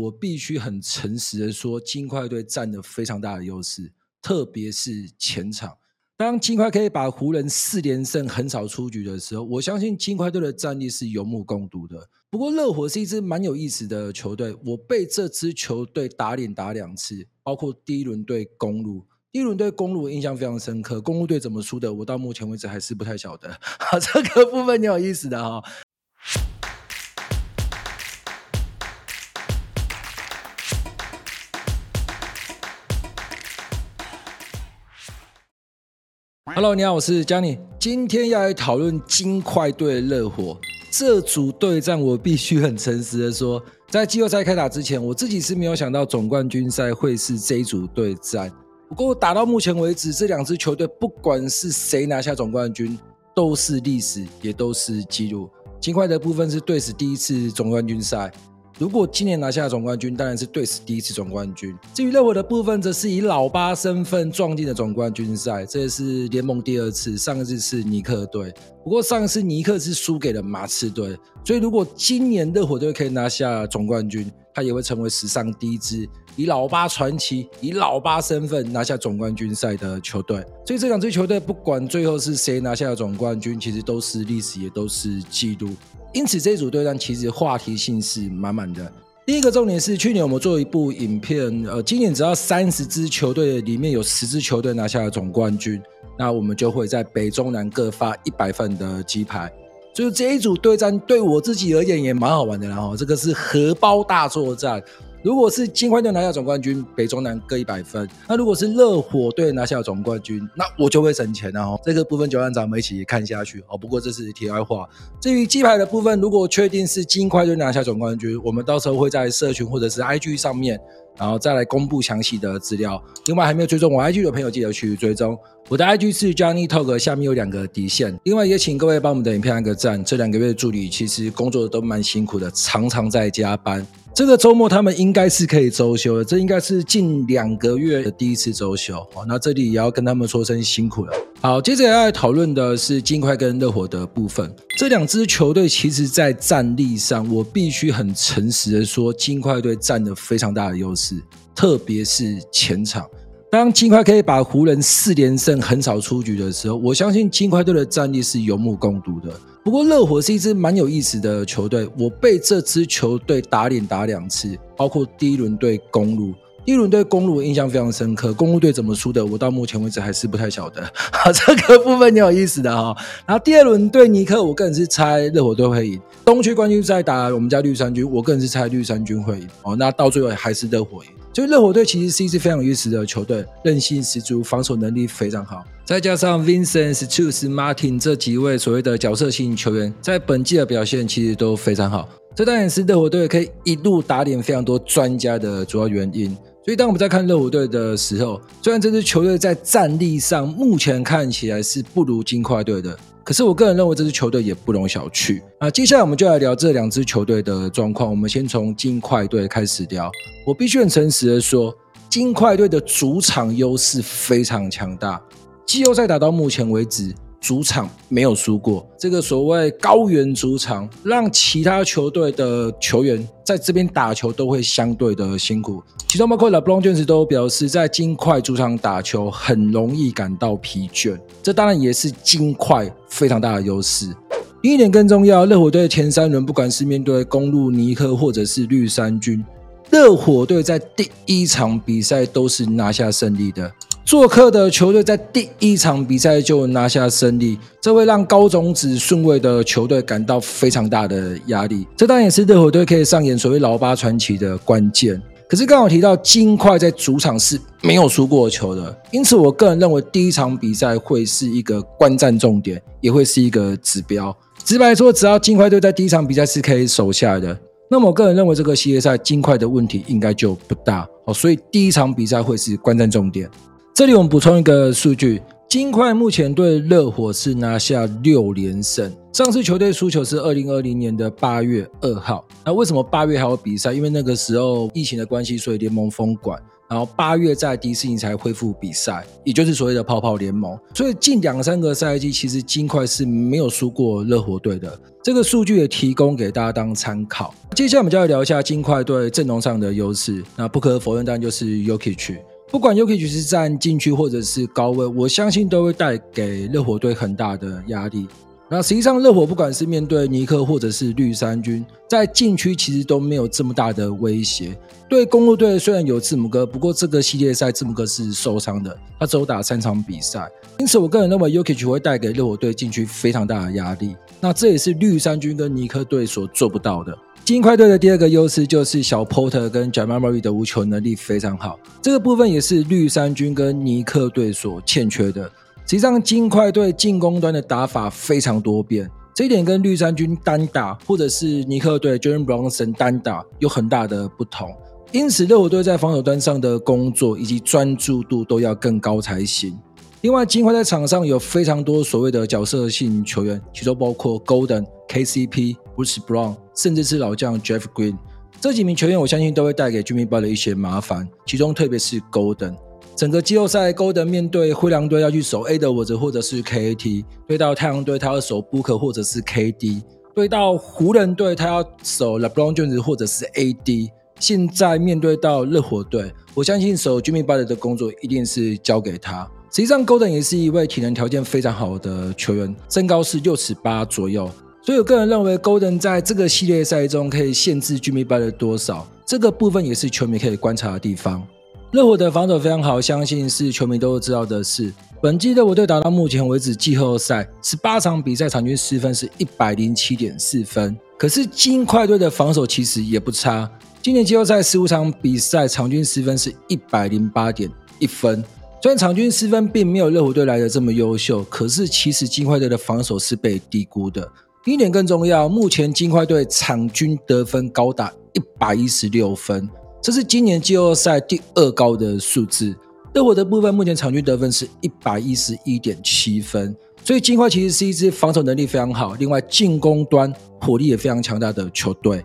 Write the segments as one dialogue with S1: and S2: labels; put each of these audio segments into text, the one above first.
S1: 我必須很誠實的說，金塊隊佔了非常大的優勢，特別是前場。當金塊可以把湖人四連勝橫掃出局的時候，我相信金塊隊的戰力是有目共睹的。不過，熱火是一支蠻有意思的球隊，我被這支球隊打臉打兩次，包括第一輪對公鹿，第一輪對公鹿印象非常深刻。公鹿隊怎麼輸的，我到目前為止還是不太曉得。哈， 這個部分挺有意思的哈、哦。Hello，你好，我是 Johnny。今天要來討論金塊對熱火這組對戰。我必須很誠實的說，在季後賽開打之前，我自己是沒有想到總冠軍賽會是這一組對戰。不過打到目前為止，這兩支球隊不管是誰拿下總冠軍，都是歷史，也都是紀錄。金塊的部分是隊史第一次總冠軍賽。如果今年拿下的總冠軍，當然是隊史第一次總冠軍。至於熱火的部分，則是以老八身份撞進的總冠軍賽，這也是聯盟第二次，上一次是尼克隊。不過上一次尼克是輸給了馬刺隊，所以如果今年熱火隊可以拿下總冠軍，他也會成為史上第一支以老八傳奇、以老八身份拿下總冠軍賽的球隊。所以這兩支球隊，不管最後是誰拿下的總冠軍，其實都是歷史，也都是紀錄。因此，這一組對戰其實話題性是滿滿的。第一個重點是，去年我們做一部影片，呃，今年只要三十支球隊裡面有十支球隊拿下了總冠軍，那我們就會在北中南各發一百份的雞排。所以這一組對戰，對我自己而言也蠻好玩的啦。哦，這個是荷包大作戰。如果是金塊隊拿下總冠軍，北中南各一百分。那如果是熱火隊拿下總冠軍，那我就會省錢哦。這個部分就讓咱們一起看下去哦。不過這是題外話。至於雞排的部分，如果確定是金塊隊拿下總冠軍，我們到時候會在社群或者是 IG 上面，然後再來公布詳細的資料。另外，還沒有追蹤我 IG 的朋友，記得去追蹤。我的 IG 是 Johnny Talk，下面有兩個底線。另外，也請各位幫我們的影片按個讚。這兩個月的助理其實工作都蠻辛苦的，常常在加班。這個周末他們應該是可以周休了，這應該是近兩個月的第一次周休。哦，那這裡也要跟他們說聲辛苦了。好，接着要來討論的是金塊跟熱火的部分。這兩支球隊其實，在戰力上，我必須很誠實的說，金塊隊占了非常大的優勢，特別是前場。當金塊可以把湖人四連勝橫掃出局的時候，我相信金塊隊的戰力是有目共睹的。不過熱火是一支蠻有意思的球隊，我被這支球隊打臉打兩次，包括第一輪對公鹿，第一輪對公鹿印象非常深刻，公鹿隊怎麼輸的，我到目前為止還是不太曉得，啊，這個部分挺有意思的哈、哦。然後第二輪對尼克，我個人是猜熱火隊會贏，東區冠軍賽打我們家綠衫軍，我個人是猜綠衫軍會贏，哦，那到最後還是熱火贏。所以熱火隊其實是一支非常優質的球隊，韌性十足，防守能力非常好。再加上 Vincent，Strus，Martin 這幾位所謂的角色型球員，在本季的表現其實都非常好。這當然是熱火隊可以一路打臉非常多專家的主要原因。所以當我們在看熱火隊的時候，雖然這支球隊在戰力上目前看起來是不如金塊隊的，可是我個人認為這支球隊也不容小覷。啊，接下來我們就來聊這兩支球隊的狀況。我們先從金塊隊開始聊。我必須很誠實的說，金塊隊的主場優勢非常強大，季後賽打到目前為止。主場沒有輸過，這個所謂高原主場，讓其他球隊的球員在這邊打球都會相對的辛苦。其中包括了 LeBron James 都表示，在金塊主場打球很容易感到疲倦，這當然也是金塊非常大的優勢。另一點更重要，熱火隊前三輪不管是面對公鹿尼克、或者是綠衫軍，熱火隊在第一場比賽都是拿下勝利的。做客的球隊在第一場比賽就拿下勝利，這會讓高種子順位的球隊感到非常大的壓力。這當然也是熱火隊可以上演所謂“老八傳奇”的關鍵。可是，剛好提到金塊在主場是沒有輸過球的，因此，我個人認為第一場比賽會是一個觀戰重點，也會是一個指標。直白說，只要金塊隊在第一場比賽是可以守下的，那麼我個人認為這個系列賽金塊的問題應該就不大。哦，所以第一場比賽會是觀戰重點。這裡我們補充一個數據：金塊目前對熱火是拿下六連勝，上次球隊輸球是二零二零年的八月二號。那為什麼八月還有比賽？因為那個時候疫情的關係，所以聯盟封館，然後八月在迪士尼才恢復比賽，也就是所謂的泡泡聯盟。所以近兩三個賽季，其實金塊是沒有輸過熱火隊的。這個數據也提供給大家當參考。接下來我們就要聊一下金塊對陣容上的優勢。那不可否認，當然就是 Jokic。不管 Jokic 是站禁區或者是高位，我相信都會帶給熱火隊很大的壓力。那實際上，熱火不管是面對尼克或者是綠衫軍，在禁區其實都沒有這麼大的威脅。對公鹿隊雖然有字母哥，不過這個系列賽字母哥是受傷的，他只有打三場比賽，因此我個人認為 Jokic 會帶給熱火隊禁區非常大的壓力。那這也是綠衫軍跟尼克隊所做不到的。金塊隊的第二個優勢就是小 Porter 跟 Jamal Murray 的無球能力非常好，這個部分也是綠衫軍跟尼克隊所欠缺的。實際上，金塊隊進攻端的打法非常多變，這一點跟綠衫軍單打或者是尼克隊 Jalen Brunson 單打有很大的不同。因此，熱火隊在防守端上的工作以及專注度都要更高才行。另外，金塊在場上有非常多所謂的角色性球員，其中包括 Golden KCP。Bruce Brown，甚至是老將 Jeff Green，這幾名球員，我相信都會帶給 Jimmy Butler 一些麻煩。其中，特別是 Gordon，整個季後賽，Gordon 面對灰狼隊要去守 Edwards 或者是 KAT；對到太陽隊，他要守 Booker，或者是 KD；對到湖人隊，他要守 LeBron James，或者是 AD。現在面對到熱火隊，我相信守 Jimmy Butler 的工作一定是交給他。實際上，Gordon 也是一位體能條件非常好的球員，身高是六尺八左右。所以，我個人認為，Gordon 在這個系列賽中可以限制 Jimmy By 的多少，這個部分也是球迷可以觀察的地方。熱火的防守非常好，相信是球迷都知道的事。本季熱火隊打到目前為止季後賽十八場比賽，場均失分是一百零七點四分。可是金塊隊的防守其實也不差，今年季後賽十五場比賽，場均失分是一百零八點一分。雖然場均失分並沒有熱火隊來得這麼優秀，可是其實金塊隊的防守是被低估的。第一點更重要。目前金塊隊場均得分高達一百一十六分，這是今年季後賽第二高的數字。熱火的部分目前場均得分是一百一十一點七分，所以金塊其實是一支防守能力非常好，另外進攻端火力也非常強大的球隊。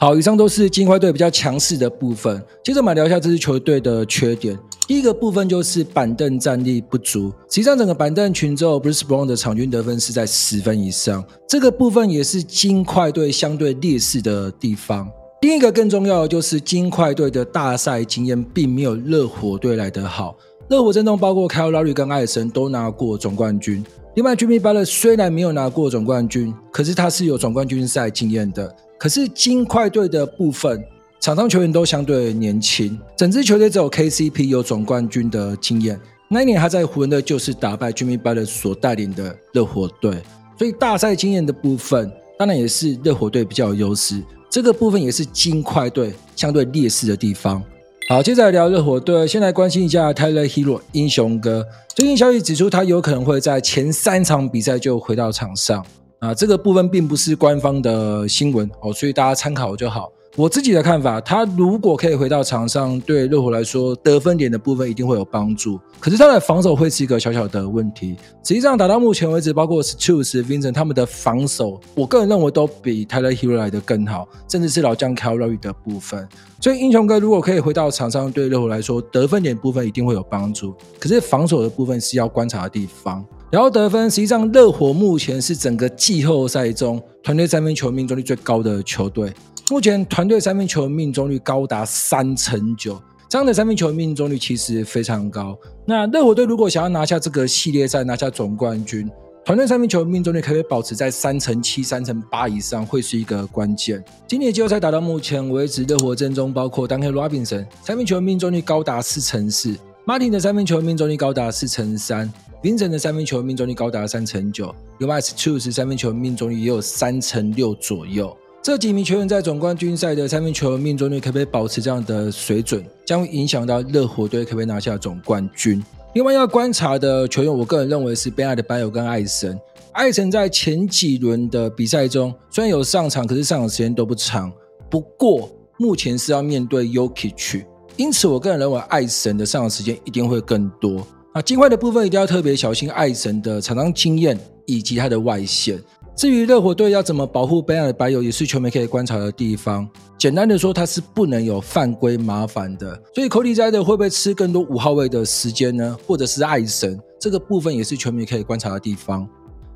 S1: 好，以上都是金塊隊比較強勢的部分。接着我們聊一下這支球隊的缺點。第一個部分就是板凳戰力不足。實際上，整個板凳群之後 b r i c e Brown 的場均得分是在十分以上。這個部分也是金塊隊相對劣勢的地方。另一個更重要的就是金塊隊的大賽經驗並沒有熱火隊來得好。熱火陣中包括凱爾拉 l 跟艾神都拿過總冠軍，另外 Jimmy Butler 雖然沒有拿過總冠軍，可是他是有總冠軍賽經驗的。可是金快隊的部分場上球員都相對年輕，整支球隊只有 KCP 有總冠軍的經驗。那一年他在湖人的就是打敗 G 米巴勒所帶領的熱火隊，所以大賽經驗的部分當然也是熱火隊比較有優勢。這個部分也是金快隊相對劣勢的地方。好，接下來聊熱火隊，先來關心一下 Tyler Hero 英雄哥。最近消息指出，他有可能會在前三場比賽就回到場上。啊，這個部分並不是官方的新聞哦，所以大家參考就好。我自己的看法，他如果可以回到場上，對熱火來說得分點的部分一定會有幫助。可是他的防守會是一個小小的問題。實際上打到目前為止，包括 Strus、Vincent 他們的防守，我個人認為都比 Tyler Herro 來的更好，甚至是老將 Kyle Lowry 的部分。所以英雄哥如果可以回到場上，對熱火來說得分點部分一定會有幫助。可是防守的部分是要觀察的地方。然後得分，實際上熱火目前是整個季後賽中團隊三分球命中率最高的球隊。目前團隊三分球命中率高達三成九，這樣的三分球命中率其實非常高。那熱火隊如果想要拿下這個系列賽，拿下總冠軍，團隊三分球命中率可以保持在三成七、三成八以上，會是一個關鍵。今年的季後賽打到目前為止，熱火陣中包括鄧肯羅賓森，三分球命中率高達四成四，馬丁的三分球命中率高達四成三。凌晨的三分球命中率高達了三成九，Max Strus 三分球命中率也有三成六左右。這幾名球員在總冠軍賽的三分球命中率可不可以保持這樣的水準，將會影響到熱火隊可不可以拿下總冠軍。另外要觀察的球員，我個人認為是 Bam Adebayo 跟艾神。艾神在前幾輪的比賽中雖然有上場，可是上場時間都不長。不過目前是要面對 Jokic，因此我個人認為艾神的上場時間一定會更多。啊，金塊的部分一定要特別小心，愛神的場上經驗以及他的外線。至於熱火隊要怎麼保護 Bam Adebayo，也是球迷可以觀察的地方。簡單的說，他是不能有犯規麻煩的。所以，Cody Zeller 的會不會吃更多五號位的時間呢？或者是愛神這個部分也是球迷可以觀察的地方。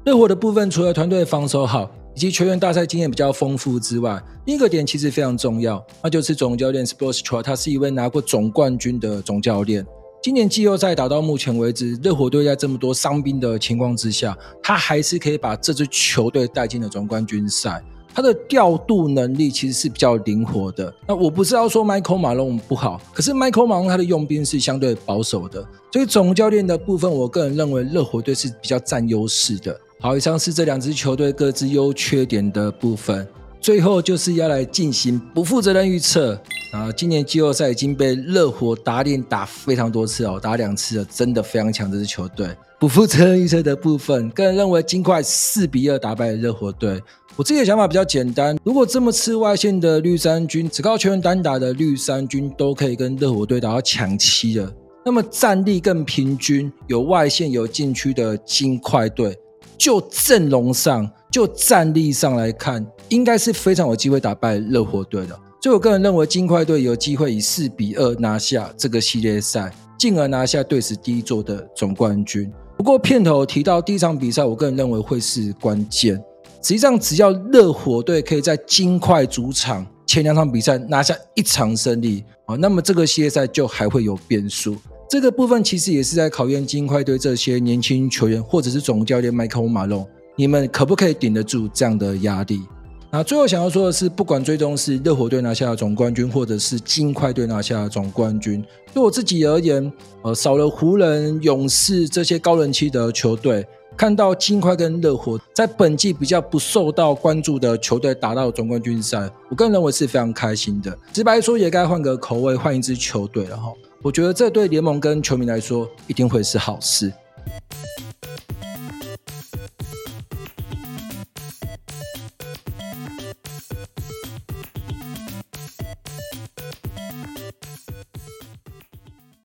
S1: 熱火的部分，除了團隊防守好以及球員大賽經驗比較豐富之外，另一個點其實非常重要，那就是總教練斯波爾斯特拉，他是一位拿過總冠軍的總教練。今年季後賽打到目前為止，熱火隊在這麼多傷兵的情況之下，他還是可以把這支球隊帶進了總冠軍賽。他的調度能力其實是比較靈活的。那我不知道說 Michael Malone 不好，可是 Michael Malone 他的用兵是相對保守的。所以總教練的部分，我個人認為熱火隊是比較佔優勢的。好，以上是這兩支球隊各自優缺點的部分。最後就是要來進行不負責任預測啊！今年季後賽已經被熱火打臉打非常多次哦，打兩次了，真的非常強這支球隊。不負責任預測的部分，個人認為金塊四比二打敗熱火隊。我自己的想法比較簡單，如果這麼吃外線的綠衫軍，只靠全員單打的綠衫軍都可以跟熱火隊打到搶七的，那麼戰力更平均，有外線有禁區的金塊隊，就陣容上。就戰力上來看，應該是非常有機會打敗熱火隊的。所以我個人認為，金塊隊有機會以四比二拿下這個系列賽，進而拿下隊史第一座的總冠軍。不過片頭提到第一場比賽，我個人認為會是關鍵。實際上，只要熱火隊可以在金塊主場前兩場比賽拿下一場勝利，啊，那麼這個系列賽就還會有變數。這個部分其實也是在考驗金塊隊這些年輕球員，或者是總教練麥克爾馬龍。你們可不可以頂得住這樣的壓力？那最後想要說的是，不管最終是熱火隊拿下的總冠軍，或者是金塊隊拿下的總冠軍，對我自己而言，呃，少了湖人、勇士這些高人氣的球隊，看到金塊跟熱火在本季比較不受到關注的球隊打到總冠軍賽，我個人認為是非常開心的。直白說，也該換個口味，換一支球隊了哈。我覺得這對聯盟跟球迷來說，一定會是好事。